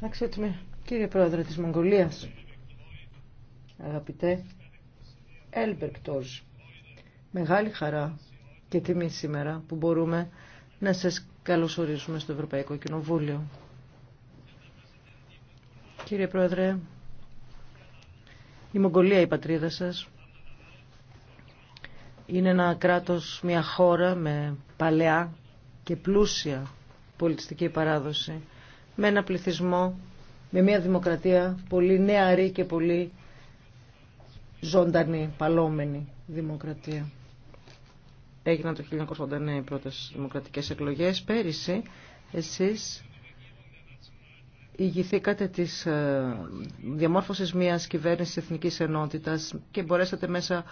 Αξιότιμε ναι. κύριε πρόεδρε της Μογγολίας, αγαπητέ Έλμπερκτος, μεγάλη χαρά και τιμή σήμερα που μπορούμε να σας καλωσορίσουμε στο Ευρωπαϊκό Κοινοβούλιο. Κύριε πρόεδρε, η Μογγολία η πατρίδα σας, είναι ένα κράτος, μια χώρα με παλαιά και πλούσια πολιτιστική παράδοση, με ένα πληθυσμό, με μια δημοκρατία πολύ νεαρή και πολύ ζωντανή, παλόμενη δημοκρατία. Έγιναν το 1989 οι πρώτες δημοκρατικές εκλογές. Πέρυσι εσείς ηγηθήκατε της ε, διαμόρφωσης μιας κυβέρνησης εθνικής ενότητας και μπορέσατε μέσα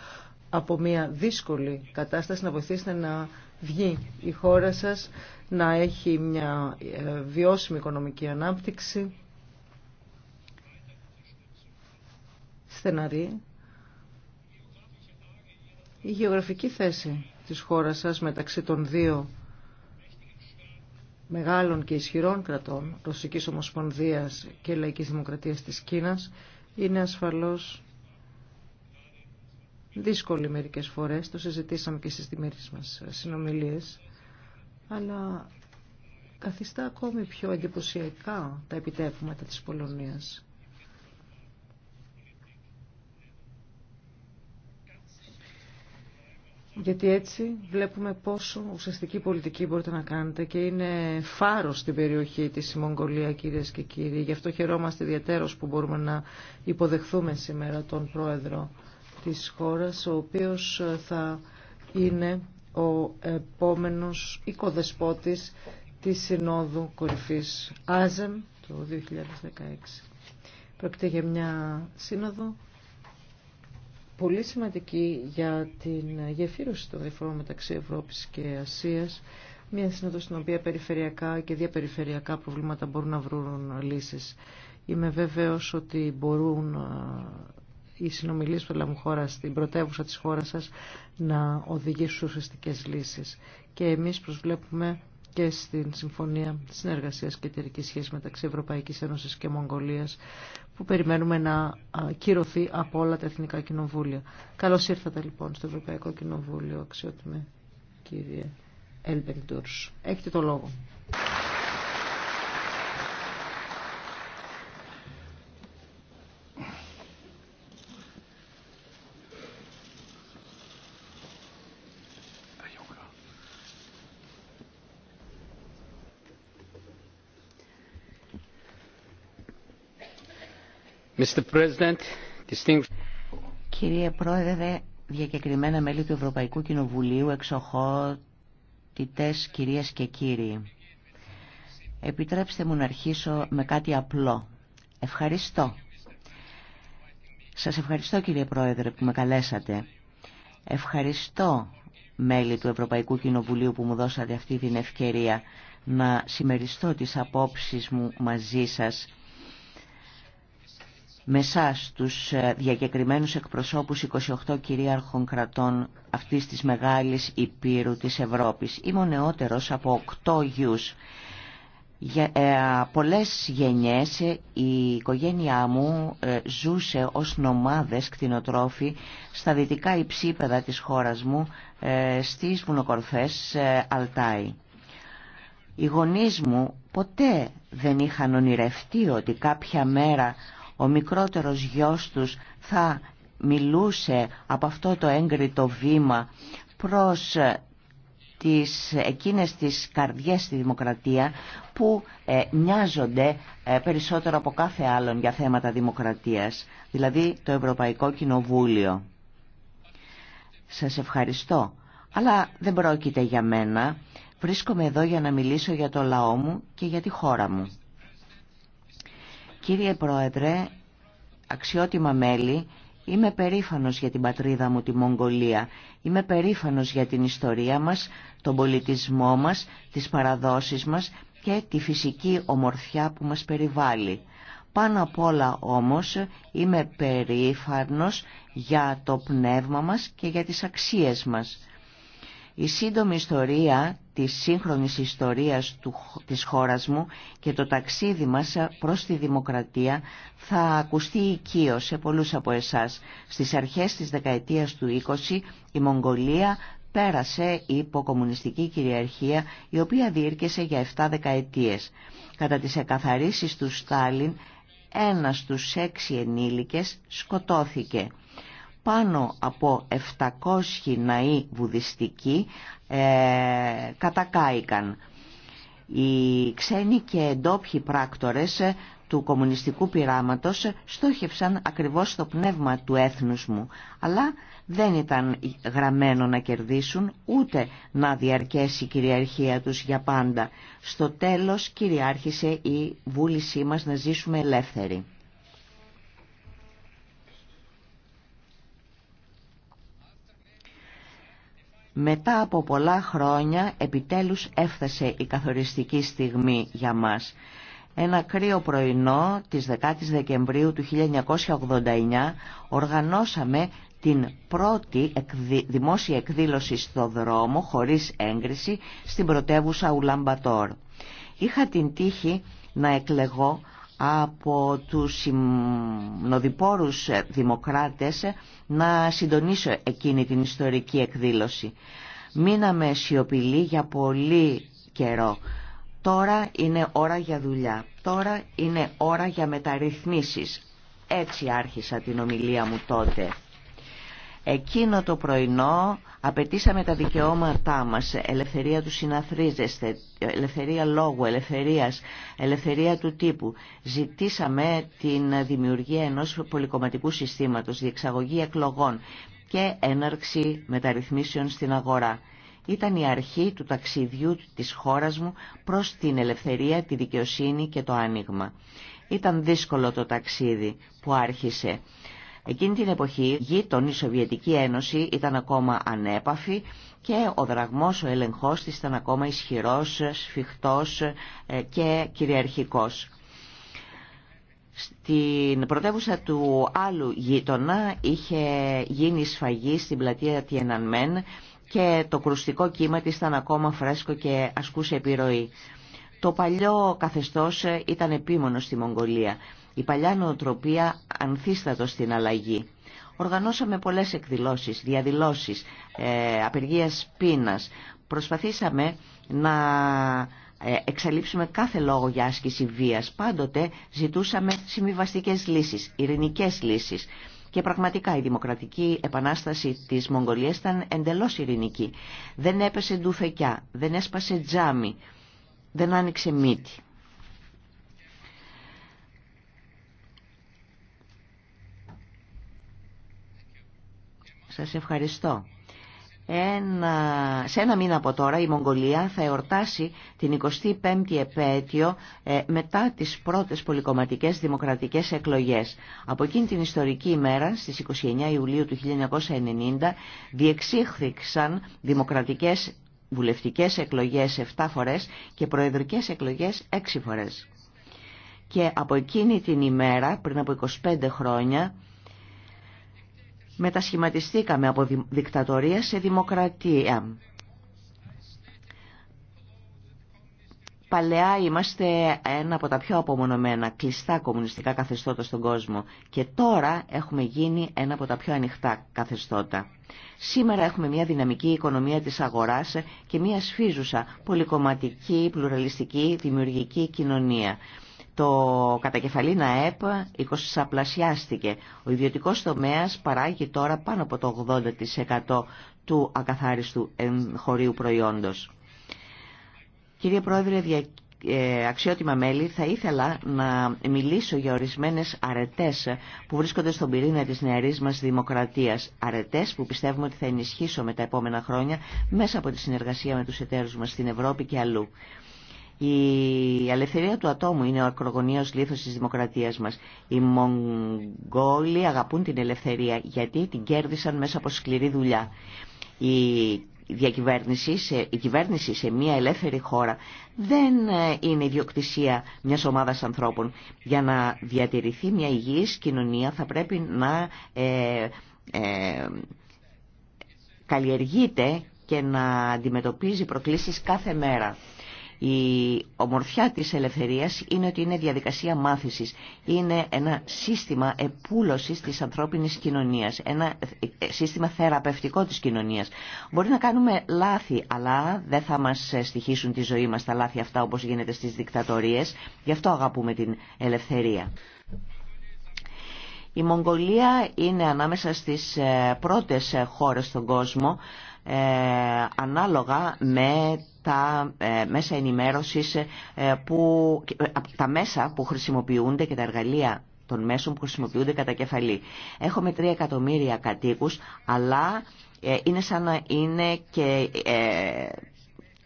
από μια δύσκολη κατάσταση, να βοηθήσετε να βγει η χώρα σας, να έχει μια ε, βιώσιμη οικονομική ανάπτυξη, στεναρή. Η γεωγραφική θέση της χώρας σας μεταξύ των δύο μεγάλων και ισχυρών κρατών, Ρωσικής Ομοσπονδίας και Λαϊκής Δημοκρατίας της Κίνας, είναι ασφαλώς δύσκολη μερικές φορές, το συζητήσαμε και στις δημιουργίες μας συνομιλίες, αλλά καθιστά ακόμη πιο εντυπωσιακά τα επιτεύγματα της Πολωνίας. Γιατί έτσι βλέπουμε πόσο ουσιαστική πολιτική μπορείτε να κάνετε και είναι φάρος στην περιοχή της η Μογγολία κυρίες και κύριοι. Γι' αυτό χαιρόμαστε ιδιαίτερω που μπορούμε να υποδεχθούμε σήμερα τον Πρόεδρο της χώρας, ο οποίος ε, θα είναι ο επόμενος οικοδεσπότης της Συνόδου Κορυφής ΑΖΕΜ το 2016. Πρόκειται για μια σύνοδο πολύ σημαντική για την γεφύρωση των διαφορών μεταξύ Ευρώπης και Ασίας, μια σύνοδο στην οποία περιφερειακά και διαπεριφερειακά προβλήματα μπορούν να βρουν λύσεις. Είμαι βέβαιος ότι μπορούν ε, οι συνομιλίε που έλαβαν χώρα στην πρωτεύουσα τη χώρα σα να οδηγήσουν σε ουσιαστικέ λύσει. Και εμεί προσβλέπουμε και στην Συμφωνία Συνεργασία και Εταιρική Σχέση μεταξύ Ευρωπαϊκή Ένωση και Μογγολία, που περιμένουμε να κυρωθεί από όλα τα εθνικά κοινοβούλια. Καλώ ήρθατε λοιπόν στο Ευρωπαϊκό Κοινοβούλιο, αξιότιμε κύριε Έλμπεντουρ. Έχετε το λόγο. Κύριε Πρόεδρε, διακεκριμένα μέλη του Ευρωπαϊκού Κοινοβουλίου, εξοχότητες κυρίες και κύριοι. Επιτρέψτε μου να αρχίσω με κάτι απλό. Ευχαριστώ. Σας ευχαριστώ κύριε Πρόεδρε που με καλέσατε. Ευχαριστώ μέλη του Ευρωπαϊκού Κοινοβουλίου που μου δώσατε αυτή την ευκαιρία να συμμεριστώ τις απόψεις μου μαζί σας με σας τους ε, διακεκριμένους εκπροσώπους 28 κυρίαρχων κρατών αυτής της μεγάλης υπήρου της Ευρώπης. Είμαι ο νεότερος από 8 γιους. Για ε, πολλές γενιές ε, η οικογένειά μου ε, ζούσε ως νομάδες κτηνοτρόφοι στα δυτικά υψίπεδα της χώρας μου ε, στις βουνοκορφές Αλτάι. Οι γονείς μου ποτέ δεν είχαν ονειρευτεί ότι κάποια μέρα ο μικρότερος γιος τους θα μιλούσε από αυτό το έγκριτο βήμα προς ε, τις, εκείνες τις καρδιές στη δημοκρατία που ε, νοιάζονται ε, περισσότερο από κάθε άλλον για θέματα δημοκρατίας, δηλαδή το Ευρωπαϊκό Κοινοβούλιο. Σας ευχαριστώ, αλλά δεν πρόκειται για μένα. Βρίσκομαι εδώ για να μιλήσω για το λαό μου και για τη χώρα μου. Κύριε Πρόεδρε, αξιότιμα μέλη, είμαι περήφανος για την πατρίδα μου τη Μογγολία. Είμαι περήφανος για την ιστορία μας, τον πολιτισμό μας, τις παραδόσεις μας και τη φυσική ομορφιά που μας περιβάλλει. Πάνω απ' όλα όμως είμαι περήφανος για το πνεύμα μας και για τις αξίες μας. Η σύντομη ιστορία της σύγχρονης ιστορίας του, της χώρας μου και το ταξίδι μας προς τη δημοκρατία θα ακουστεί οικείο σε πολλούς από εσάς. Στις αρχές της δεκαετίας του 20 η Μογγολία πέρασε υπό κομμουνιστική κυριαρχία η οποία διήρκεσε για 7 δεκαετίες. Κατά τις εκαθαρίσεις του Στάλιν ένας στους έξι ενήλικες σκοτώθηκε πάνω από 700 ναοί βουδιστικοί ε, κατακάηκαν. Οι ξένοι και εντόπιοι πράκτορες του κομμουνιστικού πειράματος στόχευσαν ακριβώς το πνεύμα του έθνους μου, αλλά δεν ήταν γραμμένο να κερδίσουν ούτε να διαρκέσει η κυριαρχία τους για πάντα. Στο τέλος κυριάρχησε η βούλησή μας να ζήσουμε ελεύθεροι. Μετά από πολλά χρόνια επιτέλους έφτασε η καθοριστική στιγμή για μας. Ένα κρύο πρωινό της 10 Δεκεμβρίου του 1989 οργανώσαμε την πρώτη δημόσια εκδήλωση στο δρόμο χωρίς έγκριση στην πρωτεύουσα Ουλαμπατόρ. Είχα την τύχη να εκλεγώ από τους συνοδοιπόρους δημοκράτες να συντονίσω εκείνη την ιστορική εκδήλωση. Μείναμε σιωπηλοί για πολύ καιρό. Τώρα είναι ώρα για δουλειά. Τώρα είναι ώρα για μεταρρυθμίσεις. Έτσι άρχισα την ομιλία μου τότε. Εκείνο το πρωινό απαιτήσαμε τα δικαιώματά μας, ελευθερία του συναθρίζεσθε, ελευθερία λόγου, ελευθερίας, ελευθερία του τύπου. Ζητήσαμε την δημιουργία ενός πολυκομματικού συστήματος, διεξαγωγή εκλογών και έναρξη μεταρρυθμίσεων στην αγορά. Ήταν η αρχή του ταξιδιού της χώρας μου προς την ελευθερία, τη δικαιοσύνη και το άνοιγμα. Ήταν δύσκολο το ταξίδι που άρχισε. Εκείνη την εποχή γείτονη η Σοβιετική Ένωση ήταν ακόμα ανέπαφη και ο δραγμός, ο έλεγχός της ήταν ακόμα ισχυρός, σφιχτός ε, και κυριαρχικός. Στην πρωτεύουσα του άλλου γείτονα είχε γίνει σφαγή στην πλατεία Τιενανμέν και το κρουστικό κύμα της ήταν ακόμα φρέσκο και ασκούσε επιρροή. Το παλιό καθεστώς ήταν επίμονο στη Μογγολία. Η παλιά νοοτροπία ανθίστατο στην αλλαγή. Οργανώσαμε πολλές εκδηλώσεις, διαδηλώσεις, ε, απεργίας πείνας. Προσπαθήσαμε να ε, εξαλείψουμε κάθε λόγο για άσκηση βίας. Πάντοτε ζητούσαμε συμβιβαστικές λύσεις, ειρηνικές λύσεις. Και πραγματικά η δημοκρατική επανάσταση της Μογγολίας ήταν εντελώς ειρηνική. Δεν έπεσε ντουφεκιά, δεν έσπασε τζάμι, δεν άνοιξε μύτη. Σας ευχαριστώ. Ένα, σε ένα μήνα από τώρα η Μογγολία θα εορτάσει την 25η επέτειο ε, μετά τις πρώτες πολυκομματικές δημοκρατικές εκλογές. Από εκείνη την ιστορική ημέρα, στις 29 Ιουλίου του 1990, διεξήχθηκαν δημοκρατικές βουλευτικές εκλογές 7 φορές και προεδρικές εκλογές 6 φορές. Και από εκείνη την ημέρα, πριν από 25 χρόνια, μετασχηματιστήκαμε από δικτατορία σε δημοκρατία. Παλαιά είμαστε ένα από τα πιο απομονωμένα κλειστά κομμουνιστικά καθεστώτα στον κόσμο και τώρα έχουμε γίνει ένα από τα πιο ανοιχτά καθεστώτα. Σήμερα έχουμε μια δυναμική οικονομία της αγοράς και μια σφίζουσα πολυκομματική, πλουραλιστική, δημιουργική κοινωνία. Το κατακεφαλήν ΑΕΠ 20 Ο ιδιωτικός τομέας παράγει τώρα πάνω από το 80% του ακαθάριστου χωρίου προϊόντος. Κύριε Πρόεδρε, ε, αξιότιμα μέλη, θα ήθελα να μιλήσω για ορισμένες αρετές που βρίσκονται στον πυρήνα της νεαρής μας δημοκρατίας. Αρετές που πιστεύουμε ότι θα ενισχύσουμε τα επόμενα χρόνια μέσα από τη συνεργασία με τους εταίρους μας στην Ευρώπη και αλλού. Η ελευθερία του ατόμου είναι ο ακρογωνίος λίθος της δημοκρατίας μας. Οι Μογγόλοι αγαπούν την ελευθερία γιατί την κέρδισαν μέσα από σκληρή δουλειά. Η διακυβέρνηση, κυβέρνηση σε μια ελεύθερη χώρα δεν ε, είναι ιδιοκτησία μιας ομάδας ανθρώπων. Για να διατηρηθεί μια υγιής κοινωνία θα πρέπει να ε, ε καλλιεργείται και να αντιμετωπίζει προκλήσεις κάθε μέρα. Η ομορφιά της ελευθερίας είναι ότι είναι διαδικασία μάθησης. Είναι ένα σύστημα επούλωσης της ανθρώπινης κοινωνίας, ένα ε, σύστημα θεραπευτικό της κοινωνίας. Μπορεί να κάνουμε λάθη, αλλά δεν θα μας στοιχήσουν τη ζωή μας τα λάθη αυτά όπως γίνεται στις δικτατορίες. Γι' αυτό αγαπούμε την ελευθερία. Η Μογγολία είναι ανάμεσα στις ε, πρώτες ε, χώρες στον κόσμο ε, ανάλογα με τα ε, μέσα ενημέρωσης, ε, που, τα μέσα που χρησιμοποιούνται και τα εργαλεία των μέσων που χρησιμοποιούνται κατά κεφαλή. Έχουμε τρία εκατομμύρια κατοίκους, αλλά είναι σαν να είναι και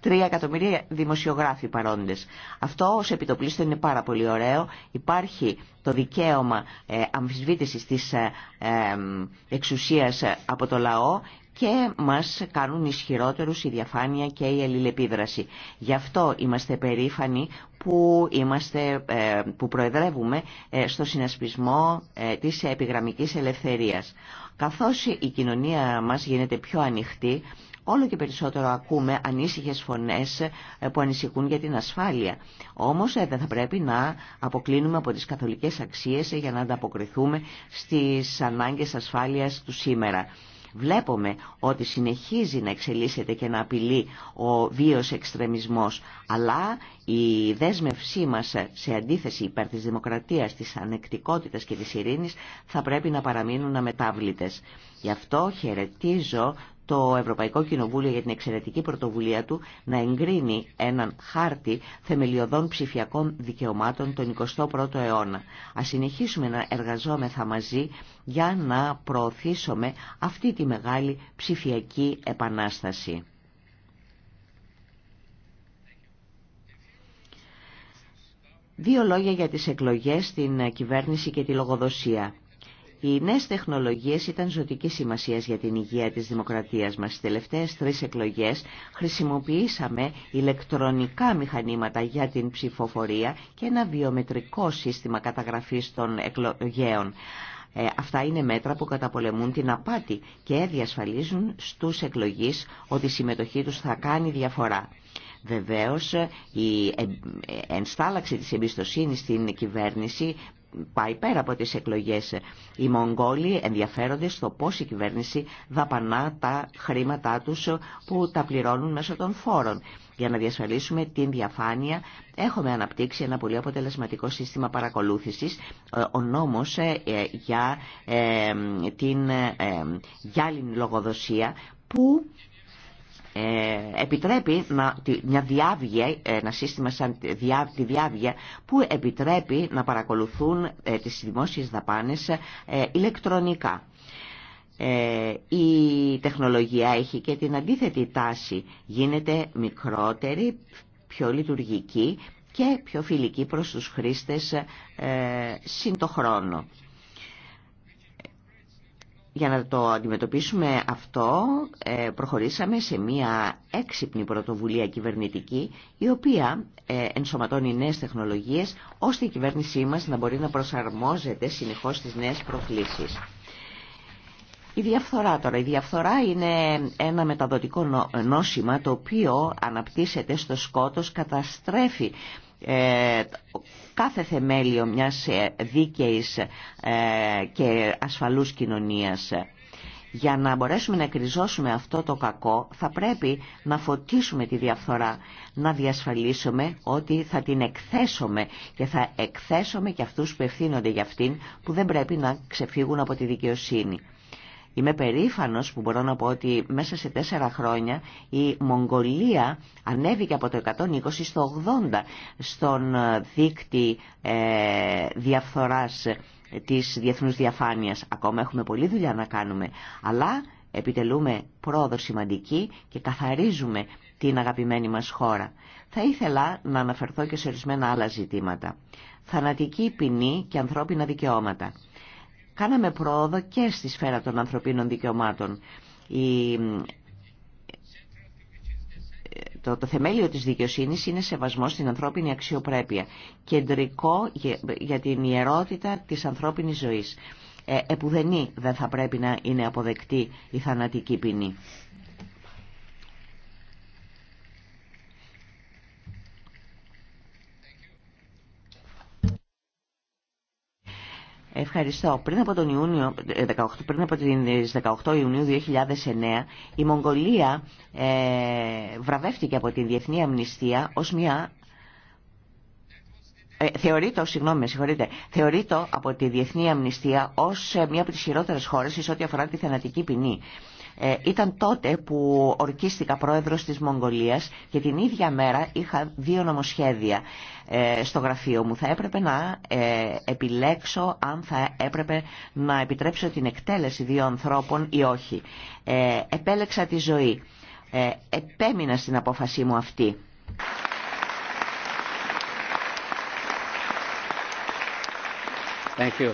τρία εκατομμύρια δημοσιογράφοι παρόντες. Αυτό ως επιτοπλίστων είναι πάρα πολύ ωραίο. Υπάρχει το δικαίωμα αμφισβήτησης της εξουσίας από το λαό και μας κάνουν ισχυρότερους η διαφάνεια και η αλληλεπίδραση. Γι' αυτό είμαστε περήφανοι που, είμαστε, ε, που προεδρεύουμε ε, στο συνασπισμό ε, της επιγραμμικής ελευθερίας. Καθώς η κοινωνία μας γίνεται πιο ανοιχτή, όλο και περισσότερο ακούμε ανήσυχες φωνές που ανησυχούν για την ασφάλεια. Όμως δεν θα πρέπει να αποκλίνουμε από τις καθολικές αξίες για να ανταποκριθούμε στις ανάγκες ασφάλειας του σήμερα. Βλέπουμε ότι συνεχίζει να εξελίσσεται και να απειλεί ο βίος εξτρεμισμός, αλλά η δέσμευσή μας σε αντίθεση υπέρ της δημοκρατίας, της ανεκτικότητας και της ειρήνης θα πρέπει να παραμείνουν αμετάβλητες. Γι' αυτό χαιρετίζω το Ευρωπαϊκό Κοινοβούλιο για την εξαιρετική πρωτοβουλία του να εγκρίνει έναν χάρτη θεμελιωδών ψηφιακών δικαιωμάτων τον 21ο αιώνα. Ας συνεχίσουμε να εργαζόμεθα μαζί για να προωθήσουμε αυτή τη μεγάλη ψηφιακή επανάσταση. Δύο λόγια για τις εκλογές, την κυβέρνηση και τη λογοδοσία. Οι νέες τεχνολογίες ήταν ζωτική σημασίας για την υγεία της δημοκρατίας μας. Στις τελευταίες τρεις εκλογές χρησιμοποιήσαμε ηλεκτρονικά μηχανήματα για την ψηφοφορία και ένα βιομετρικό σύστημα καταγραφής των εκλογέων. Ε, αυτά είναι μέτρα που καταπολεμούν την απάτη και διασφαλίζουν στους εκλογείς ότι η συμμετοχή τους θα κάνει διαφορά. Βεβαίως η ε, ενστάλαξη της εμπιστοσύνης στην κυβέρνηση πάει πέρα από τις εκλογές. Οι Μογγόλοι ενδιαφέρονται στο πώς η κυβέρνηση δαπανά τα χρήματά τους που τα πληρώνουν μέσω των φόρων. Για να διασφαλίσουμε την διαφάνεια έχουμε αναπτύξει ένα πολύ αποτελεσματικό σύστημα παρακολούθησης. Ε, ο νόμος ε, για ε, την γυάλινη λογοδοσία που ε, επιτρέπει να, μια διάβγεια, ένα σύστημα σαν διά, τη διάβγεια που επιτρέπει να παρακολουθούν ε, τις δημόσιες δαπάνες ε, ηλεκτρονικά. Ε, η τεχνολογία έχει και την αντίθετη τάση. Γίνεται μικρότερη, πιο λειτουργική και πιο φιλική προς τους χρήστες ε, χρόνο. Για να το αντιμετωπίσουμε αυτό ε, προχωρήσαμε σε μια έξυπνη πρωτοβουλία κυβερνητική η οποία ε, ενσωματώνει νέες τεχνολογίες ώστε η κυβέρνησή μας να μπορεί να προσαρμόζεται συνεχώς στις νέες προκλήσεις. Η διαφθορά τώρα. Η διαφθορά είναι ένα μεταδοτικό νόσημα το οποίο αναπτύσσεται στο σκότος, καταστρέφει ε, κάθε θεμέλιο μιας ε, δίκαιης ε, και ασφαλούς κοινωνίας. Για να μπορέσουμε να κρυζώσουμε αυτό το κακό θα πρέπει να φωτίσουμε τη διαφθορά, να διασφαλίσουμε ότι θα την εκθέσουμε και θα εκθέσουμε και αυτούς που ευθύνονται για αυτήν που δεν πρέπει να ξεφύγουν από τη δικαιοσύνη. Είμαι περήφανος που μπορώ να πω ότι μέσα σε τέσσερα χρόνια η Μογγολία ανέβηκε από το 120 στο 80 στον ε, δίκτυ ε, διαφθοράς της διεθνούς διαφάνειας. Ακόμα έχουμε πολλή δουλειά να κάνουμε, αλλά επιτελούμε πρόοδο σημαντική και καθαρίζουμε την αγαπημένη μας χώρα. Θα ήθελα να αναφερθώ και σε ορισμένα άλλα ζητήματα. Θανατική ποινή και ανθρώπινα δικαιώματα. Κάναμε πρόοδο και στη σφαίρα των ανθρωπίνων δικαιωμάτων. Το, το θεμέλιο της δικαιοσύνης είναι σεβασμός στην ανθρώπινη αξιοπρέπεια, κεντρικό για, για την ιερότητα της ανθρώπινης ζωής. Ε, επουδενή δεν θα πρέπει να είναι αποδεκτή η θανατική ποινή. Ευχαριστώ. Πριν από, τον Ιούνιο, 18, ε, πριν από ε, τις 18 Ιουνίου 2009 η Μογγολία ε, βραβεύτηκε από την Διεθνή Αμνηστία ως μια ε, θεωρείται, συγγνώμη, συγχωρείτε, θεωρείτο από τη Διεθνή Αμνηστία ως ε, μια από τις χειρότερες χώρες σε ό,τι αφορά τη θανατική ποινή. Ε, ήταν τότε που ορκίστηκα πρόεδρος της Μογγολίας και την ίδια μέρα είχα δύο νομοσχέδια ε, στο γραφείο μου. Θα έπρεπε να ε, επιλέξω αν θα έπρεπε να επιτρέψω την εκτέλεση δύο ανθρώπων ή όχι. Επέλεξα τη ζωή. Επέμεινα στην απόφασή μου αυτή. Thank you.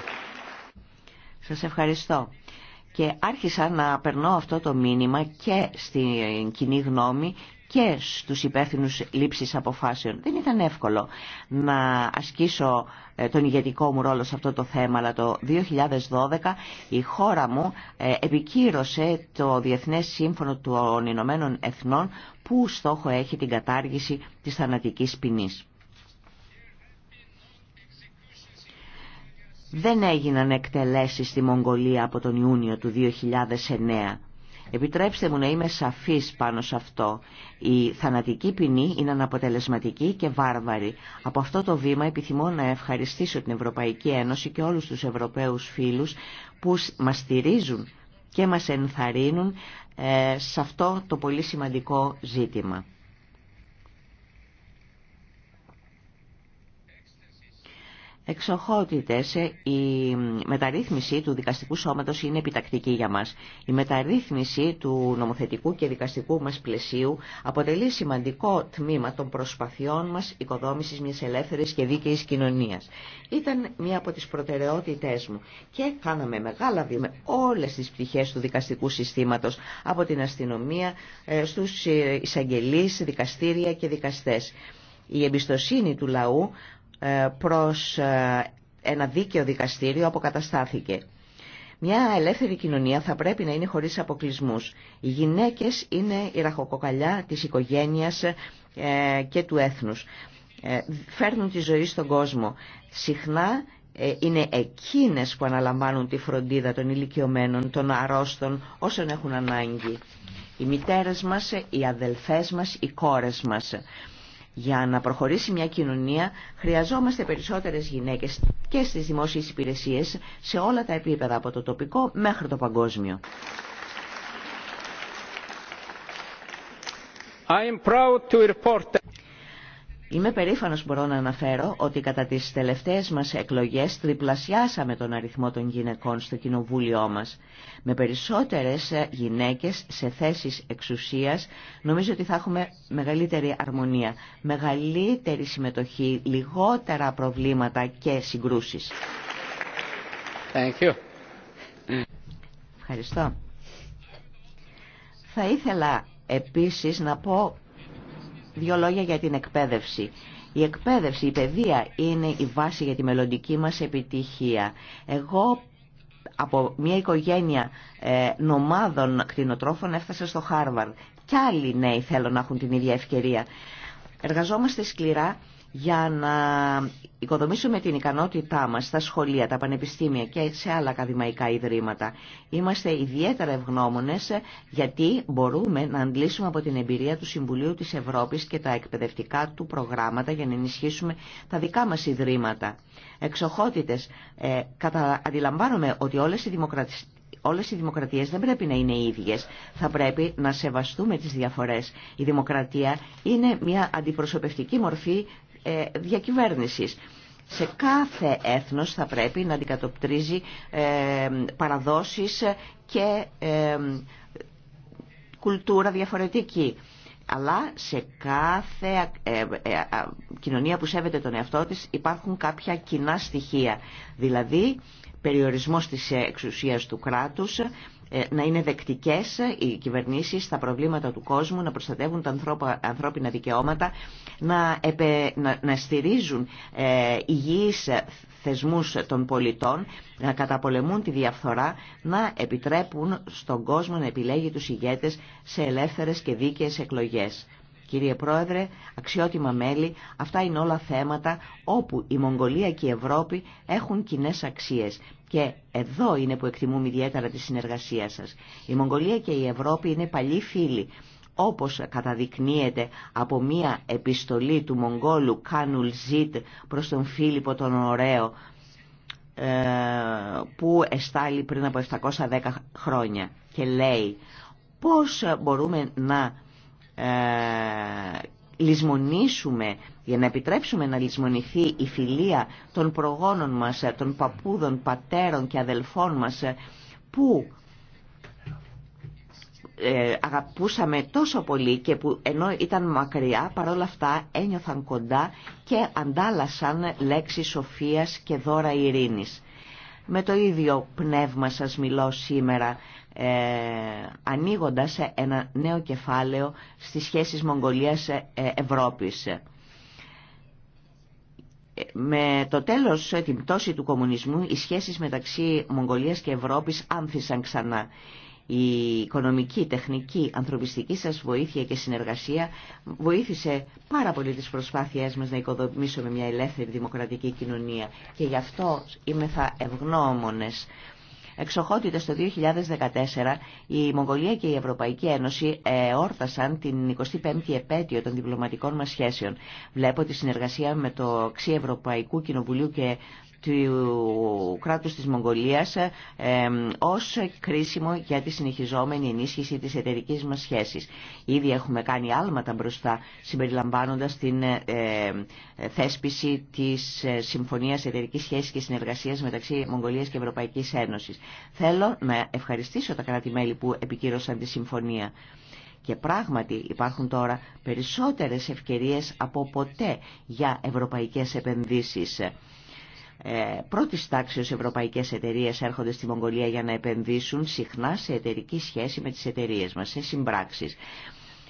Σας ευχαριστώ. Και άρχισα να περνώ αυτό το μήνυμα και στην κοινή γνώμη και στους υπεύθυνους λήψης αποφάσεων. Δεν ήταν εύκολο να ασκήσω ε, τον ηγετικό μου ρόλο σε αυτό το θέμα, αλλά το 2012 η χώρα μου ε, επικύρωσε το Διεθνές Σύμφωνο των Ηνωμένων Εθνών που στόχο έχει την κατάργηση της θανατικής ποινής. Δεν έγιναν εκτελέσεις στη Μογγολία από τον Ιούνιο του 2009. Επιτρέψτε μου να είμαι σαφής πάνω σε αυτό. Η θανατική ποινή είναι αναποτελεσματική και βάρβαρη. Από αυτό το βήμα επιθυμώ να ευχαριστήσω την Ευρωπαϊκή Ένωση και όλους τους Ευρωπαίους φίλους που μας στηρίζουν και μας ενθαρρύνουν ε, σε αυτό το πολύ σημαντικό ζήτημα. Εξοχότητες, ε, η μεταρρύθμιση του δικαστικού σώματος είναι επιτακτική για μας. Η μεταρρύθμιση του νομοθετικού και δικαστικού μας πλαισίου αποτελεί σημαντικό τμήμα των προσπαθειών μας οικοδόμησης μιας ελεύθερης και δίκαιης κοινωνίας. Ήταν μία από τις προτεραιότητές μου και κάναμε μεγάλα βήματα όλες τις πτυχές του δικαστικού συστήματος από την αστυνομία ε, στους ε, εισαγγελείς, δικαστήρια και δικαστές. Η εμπιστοσύνη του λαού ε, προς ε, ένα δίκαιο δικαστήριο αποκαταστάθηκε. Μια ελεύθερη κοινωνία θα πρέπει να είναι χωρίς αποκλεισμούς. Οι γυναίκες είναι η ραχοκοκαλιά της οικογένειας ε, και του έθνους. Φέρνουν τη ζωή στον κόσμο. Συχνά είναι εκείνες που αναλαμβάνουν τη φροντίδα των ηλικιωμένων, των αρρώστων, όσων έχουν ανάγκη. Οι μητέρες μας, οι αδελφές μας, οι κόρες μας. Για να προχωρήσει μια κοινωνία χρειαζόμαστε περισσότερες γυναίκες και στις δημόσιες υπηρεσίες σε όλα τα επίπεδα από το τοπικό μέχρι το παγκόσμιο. I am proud to report... Είμαι περήφανος μπορώ να αναφέρω ότι κατά τις τελευταίες μας εκλογές τριπλασιάσαμε τον αριθμό των γυναικών στο κοινοβούλιο μας. Με περισσότερες γυναίκες σε θέσεις εξουσίας νομίζω ότι θα έχουμε μεγαλύτερη αρμονία, μεγαλύτερη συμμετοχή, λιγότερα προβλήματα και συγκρούσεις. Thank you. Ευχαριστώ. Θα ήθελα επίσης να πω Δύο λόγια για την εκπαίδευση. Η εκπαίδευση, η παιδεία είναι η βάση για τη μελλοντική μας επιτυχία. Εγώ από μια οικογένεια ε, νομάδων κτηνοτρόφων έφτασα στο Χάρβαρντ. Κι άλλοι νέοι θέλουν να έχουν την ίδια ευκαιρία. Εργαζόμαστε σκληρά για να οικοδομήσουμε την ικανότητά μας στα σχολεία, τα πανεπιστήμια και σε άλλα ακαδημαϊκά ιδρύματα. Είμαστε ιδιαίτερα ευγνώμονες γιατί μπορούμε να αντλήσουμε από την εμπειρία του Συμβουλίου της Ευρώπης και τα εκπαιδευτικά του προγράμματα για να ενισχύσουμε τα δικά μας ιδρύματα. Εξοχότητες, ε, κατα... αντιλαμβάνομαι ότι όλες οι δημοκρατίες όλες οι δημοκρατίες δεν πρέπει να είναι ίδιες. Θα πρέπει να σεβαστούμε τις διαφορές. Η δημοκρατία είναι μια αντιπροσωπευτική μορφή ε, διακυβέρνησης. Σε κάθε έθνος θα πρέπει να αντικατοπτρίζει ε, παραδόσεις και ε, κουλτούρα διαφορετική. Αλλά σε κάθε κοινωνία που σέβεται τον εαυτό της υπάρχουν κάποια κοινά στοιχεία. Δηλαδή περιορισμός της εξουσίας του κράτους, ε, να είναι δεκτικές οι κυβερνήσεις στα προβλήματα του κόσμου, να προστατεύουν τα ανθρώπινα δικαιώματα, να, επε, να, να στηρίζουν ε, υγιείς θεσμούς των πολιτών, να καταπολεμούν τη διαφθορά, να επιτρέπουν στον κόσμο να επιλέγει τους ηγέτες σε ελεύθερες και δίκαιες εκλογές. Κύριε Πρόεδρε, αξιότιμα μέλη, αυτά είναι όλα θέματα όπου η Μογγολία και η Ευρώπη έχουν κοινέ αξίες και εδώ είναι που εκτιμούμε ιδιαίτερα τη συνεργασία σας. Η Μογγολία και η Ευρώπη είναι παλιοί φίλοι, όπως καταδεικνύεται από μία επιστολή του Μογγόλου Κάνουλ Ζιτ προς τον Φίλιππο τον Ωραίο, ε, που εστάλει πριν από 710 χρόνια και λέει πώς μπορούμε να ε, λησμονήσουμε, για να επιτρέψουμε να λησμονηθεί η φιλία των προγόνων μας, των παππούδων, πατέρων και αδελφών μας που ε, αγαπούσαμε τόσο πολύ και που ενώ ήταν μακριά παρόλα αυτά ένιωθαν κοντά και αντάλλασαν λέξεις σοφίας και δώρα ειρήνης. Με το ίδιο πνεύμα σας μιλώ σήμερα ε, ανοίγοντας ένα νέο κεφάλαιο στις σχέσεις Μογγολίας-Ευρώπης. Ε, ε, με το τέλος, ε, την πτώση του κομμουνισμού, οι σχέσεις μεταξύ Μογγολίας και Ευρώπης άνθησαν ξανά. Η οικονομική, τεχνική, ανθρωπιστική σας βοήθεια και συνεργασία βοήθησε πάρα πολύ τις προσπάθειές μας να οικοδομήσουμε μια ελεύθερη δημοκρατική κοινωνία και γι' αυτό είμαι θα ευγνώμονες Εξοχότητα το 2014 η Μογγολία και η Ευρωπαϊκή Ένωση εόρτασαν την 25η επέτειο των διπλωματικών μας σχέσεων. Βλέπω τη συνεργασία με το ΞΥ Ευρωπαϊκού Κοινοβουλίου και του κράτους της Μογγολίας ε, ως κρίσιμο για τη συνεχιζόμενη ενίσχυση της εταιρικής μας σχέσης. Ήδη έχουμε κάνει άλματα μπροστά συμπεριλαμβάνοντας την ε, θέσπιση της ε, Συμφωνίας Εταιρικής Σχέσης και Συνεργασίας μεταξύ Μογγολίας και Ευρωπαϊκής Ένωσης. Θέλω να ευχαριστήσω τα κράτη-μέλη που επικύρωσαν τη συμφωνία. Και πράγματι υπάρχουν τώρα περισσότερες ευκαιρίες από ποτέ για ευρωπαϊκές επενδύσεις. Ε, Πρώτη τάξης ευρωπαϊκές εταιρείε έρχονται στη Μογγολία για να επενδύσουν συχνά σε εταιρική σχέση με τις εταιρείε μας, σε συμπράξει.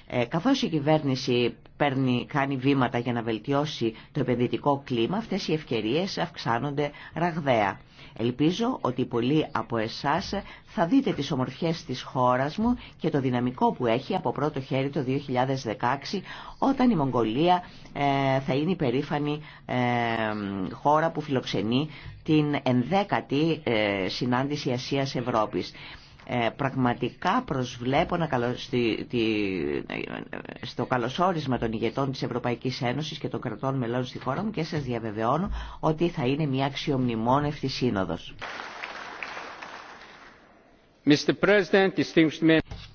Ε, καθώς η κυβέρνηση παίρνει, κάνει βήματα για να βελτιώσει το επενδυτικό κλίμα, αυτές οι ευκαιρίες αυξάνονται ραγδαία. Ελπίζω ότι πολλοί από εσάς θα δείτε τις ομορφιές της χώρας μου και το δυναμικό που έχει από πρώτο χέρι το 2016 όταν η Μογγολία ε, θα είναι η περήφανη ε, χώρα που φιλοξενεί την ενδέκατη συνάντηση Ασίας-Ευρώπης. Ε, πραγματικά προσβλέπω να στο καλωσόρισμα των ηγετών της Ευρωπαϊκής Ένωσης και των κρατών μελών στη χώρα μου και σας διαβεβαιώνω ότι θα είναι μια αξιομνημόνευτη σύνοδος.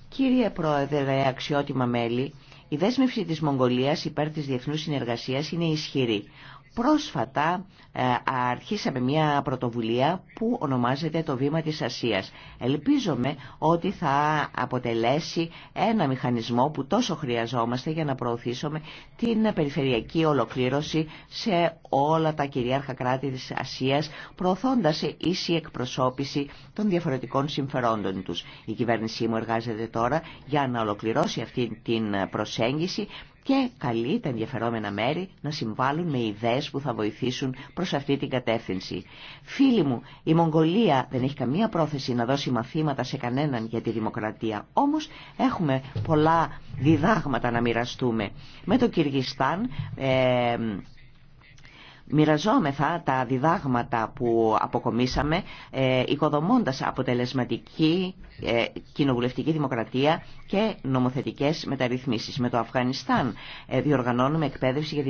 Κύριε Πρόεδρε, αξιότιμα μέλη, η δέσμευση της Μογγολίας υπέρ της διεθνούς συνεργασίας είναι ισχυρή. Πρόσφατα ε, αρχίσαμε μια πρωτοβουλία που ονομάζεται το βήμα της Ασίας. Ελπίζομαι ότι θα αποτελέσει ένα μηχανισμό που τόσο χρειαζόμαστε για να προωθήσουμε την περιφερειακή ολοκλήρωση σε όλα τα κυρίαρχα κράτη της Ασίας, προωθώντας ίση εκπροσώπηση των διαφορετικών συμφερόντων τους. Η κυβέρνησή μου εργάζεται τώρα για να ολοκληρώσει αυτή την προσέγγιση και καλεί τα ενδιαφερόμενα μέρη να συμβάλλουν με ιδέες που θα βοηθήσουν προς αυτή την κατεύθυνση. Φίλοι μου, η Μογγολία δεν έχει καμία πρόθεση να δώσει μαθήματα σε κανέναν για τη δημοκρατία. Όμως έχουμε πολλά διδάγματα να μοιραστούμε. Με το Κυργιστάν ε, μοιραζόμεθα τα διδάγματα που αποκομίσαμε ε, οικοδομώντας αποτελεσματική ε, κοινοβουλευτική δημοκρατία και νομοθετικές μεταρρυθμίσεις. Με το Αφγανιστάν ε, διοργανώνουμε εκπαίδευση για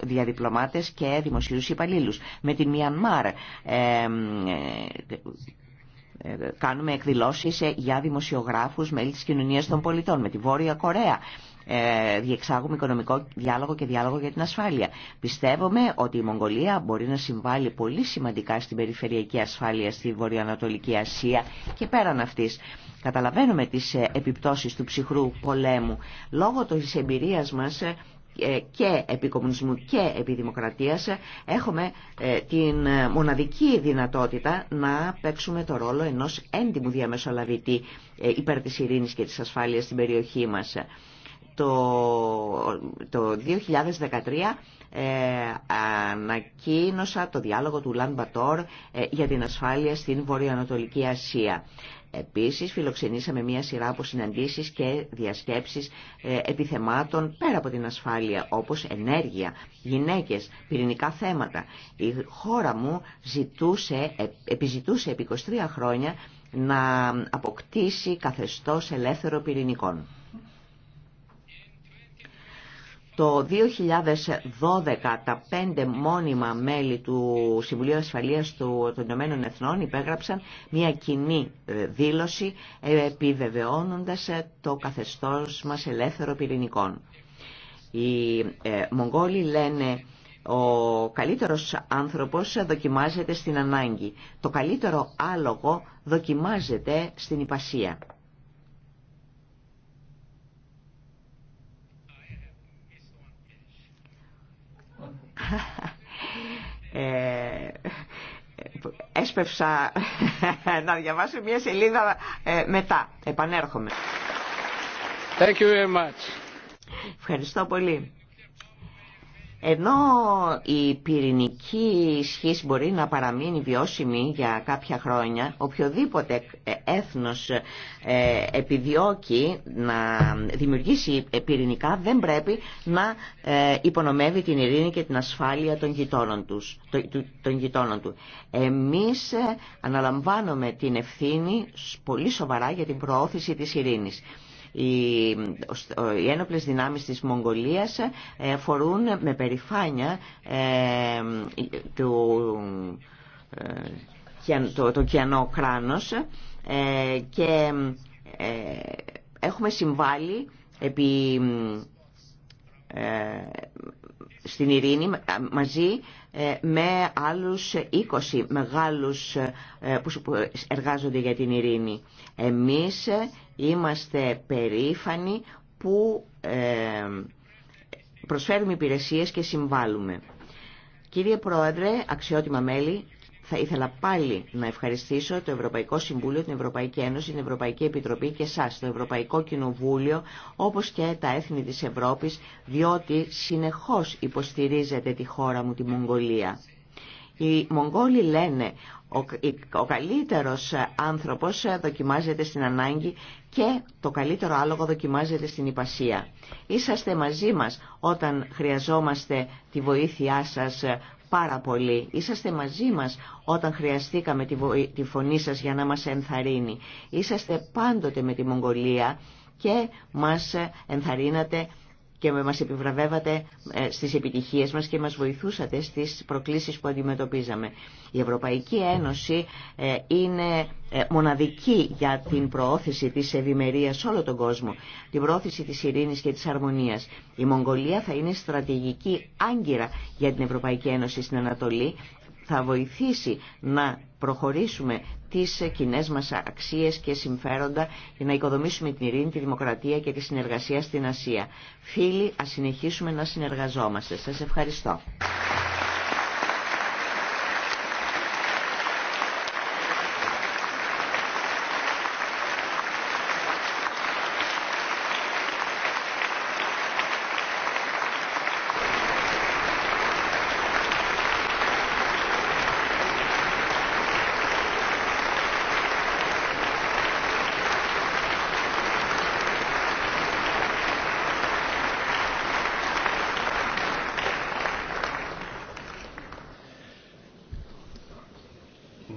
διαδιπλωμάτες και δημοσίους υπαλλήλους. Με την Μιανμάρ κάνουμε εκδηλώσεις για δημοσιογράφους, μέλη της κοινωνίας των πολιτών. Με τη Βόρεια Κορέα ε, διεξάγουμε οικονομικό διάλογο και διάλογο για την ασφάλεια. Πιστεύουμε ότι η Μογγολία μπορεί να συμβάλλει πολύ σημαντικά στην περιφερειακή ασφάλεια στη Βορειοανατολική Ασία και πέραν αυτή. Καταλαβαίνουμε τις ε, επιπτώσεις του ψυχρού πολέμου. Λόγω της εμπειρία μας ε, και επί και επί δημοκρατίας έχουμε την μοναδική δυνατότητα να παίξουμε το ρόλο ενός έντιμου διαμεσολαβητή υπέρ της ειρήνης και της ασφάλειας στην περιοχή μας το, το 2013 ε, ανακοίνωσα το διάλογο του Λαν ε, για την ασφάλεια στην Βορειοανατολική Ασία. Επίσης φιλοξενήσαμε μία σειρά από συναντήσεις και διασκέψεις ε, επιθεμάτων πέρα από την ασφάλεια όπως ενέργεια, γυναίκες, πυρηνικά θέματα. Η χώρα μου ζητούσε, ε, επιζητούσε επί 23 χρόνια να αποκτήσει καθεστώς ελεύθερο πυρηνικών. Το 2012 τα πέντε μόνιμα μέλη του Συμβουλίου Ασφαλείας των Ηνωμένων Εθνών υπέγραψαν μια κοινή ε, δήλωση ε, επιβεβαιώνοντας ε, το καθεστώς μας ελεύθερο πυρηνικών. Οι Μογγόλοι λένε ο καλύτερος άνθρωπος δοκιμάζεται στην ανάγκη. Το καλύτερο άλογο δοκιμάζεται στην υπασία. ε, έσπευσα να διαβάσω μια σελίδα ε, μετά. Επανέρχομαι. Thank you very much. Ευχαριστώ πολύ. Ενώ η πυρηνική σχέση μπορεί να παραμείνει βιώσιμη για κάποια χρόνια, οποιοδήποτε έθνος ε, επιδιώκει να δημιουργήσει πυρηνικά δεν πρέπει να ε, υπονομεύει την ειρήνη και την ασφάλεια των γειτόνων, τους, των γειτόνων του. Εμείς ε, αναλαμβάνουμε την ευθύνη πολύ σοβαρά για την προώθηση της ειρήνης. Οι, οι ένοπλες δυνάμεις της Μογγολίας ε, φορούν με περηφάνεια ε, του, ε, το, το κιανό κράνος και έχουμε συμβάλει επί ε, στην ειρήνη μαζί ε, με άλλους 20 μεγάλους ε, που εργάζονται για την ειρήνη. Εμείς είμαστε περήφανοι που προσφέρουμε υπηρεσίες και συμβάλλουμε. Κύριε Πρόεδρε, αξιότιμα μέλη, θα ήθελα πάλι να ευχαριστήσω το Ευρωπαϊκό Συμβούλιο, την Ευρωπαϊκή Ένωση, την Ευρωπαϊκή Επιτροπή και εσά, το Ευρωπαϊκό Κοινοβούλιο, όπω και τα έθνη τη Ευρώπη, διότι συνεχώ υποστηρίζετε τη χώρα μου, τη Μογγολία. Οι Μογγόλοι λένε ο καλύτερος άνθρωπος δοκιμάζεται στην ανάγκη και το καλύτερο άλογο δοκιμάζεται στην υπασία. Είσαστε μαζί μας όταν χρειαζόμαστε τη βοήθειά σας πάρα πολύ. Είσαστε μαζί μας όταν χρειαστήκαμε τη φωνή σας για να μας ενθαρρύνει. Είσαστε πάντοτε με τη Μογγολία και μας ενθαρρύνατε και μας επιβραβεύατε ε, στις επιτυχίες μας και μας βοηθούσατε στις προκλήσεις που αντιμετωπίζαμε. Η Ευρωπαϊκή Ένωση ε, είναι ε, μοναδική για την προώθηση της ευημερίας σε όλο τον κόσμο, την προώθηση της ειρήνης και της αρμονίας. Η Μογγολία θα είναι στρατηγική άγκυρα για την Ευρωπαϊκή Ένωση στην Ανατολή θα βοηθήσει να προχωρήσουμε τις κοινέ μας αξίες και συμφέροντα για να οικοδομήσουμε την ειρήνη, τη δημοκρατία και τη συνεργασία στην Ασία. Φίλοι, ας συνεχίσουμε να συνεργαζόμαστε. Σας ευχαριστώ.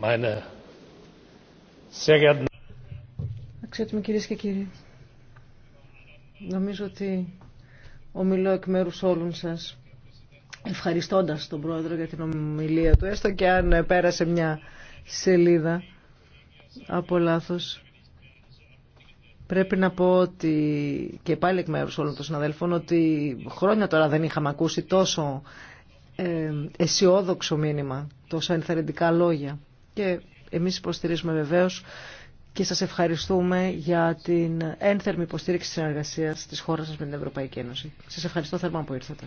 meine sehr geehrten Αξιότιμοι κυρίε και κύριοι, νομίζω ότι ομιλώ εκ μέρου όλων σα ευχαριστώντας τον Πρόεδρο για την ομιλία του, έστω και αν πέρασε μια σελίδα από λάθο. Πρέπει να πω ότι και πάλι εκ μέρου όλων των συναδελφών ότι χρόνια τώρα δεν είχαμε ακούσει τόσο ε, αισιόδοξο μήνυμα, τόσο ενθαρρυντικά λόγια και εμείς υποστηρίζουμε βεβαίως και σας ευχαριστούμε για την ένθερμη υποστήριξη συνεργασίας της χώρας σας με την Ευρωπαϊκή Ένωση. Σας ευχαριστώ θερμά που ήρθατε.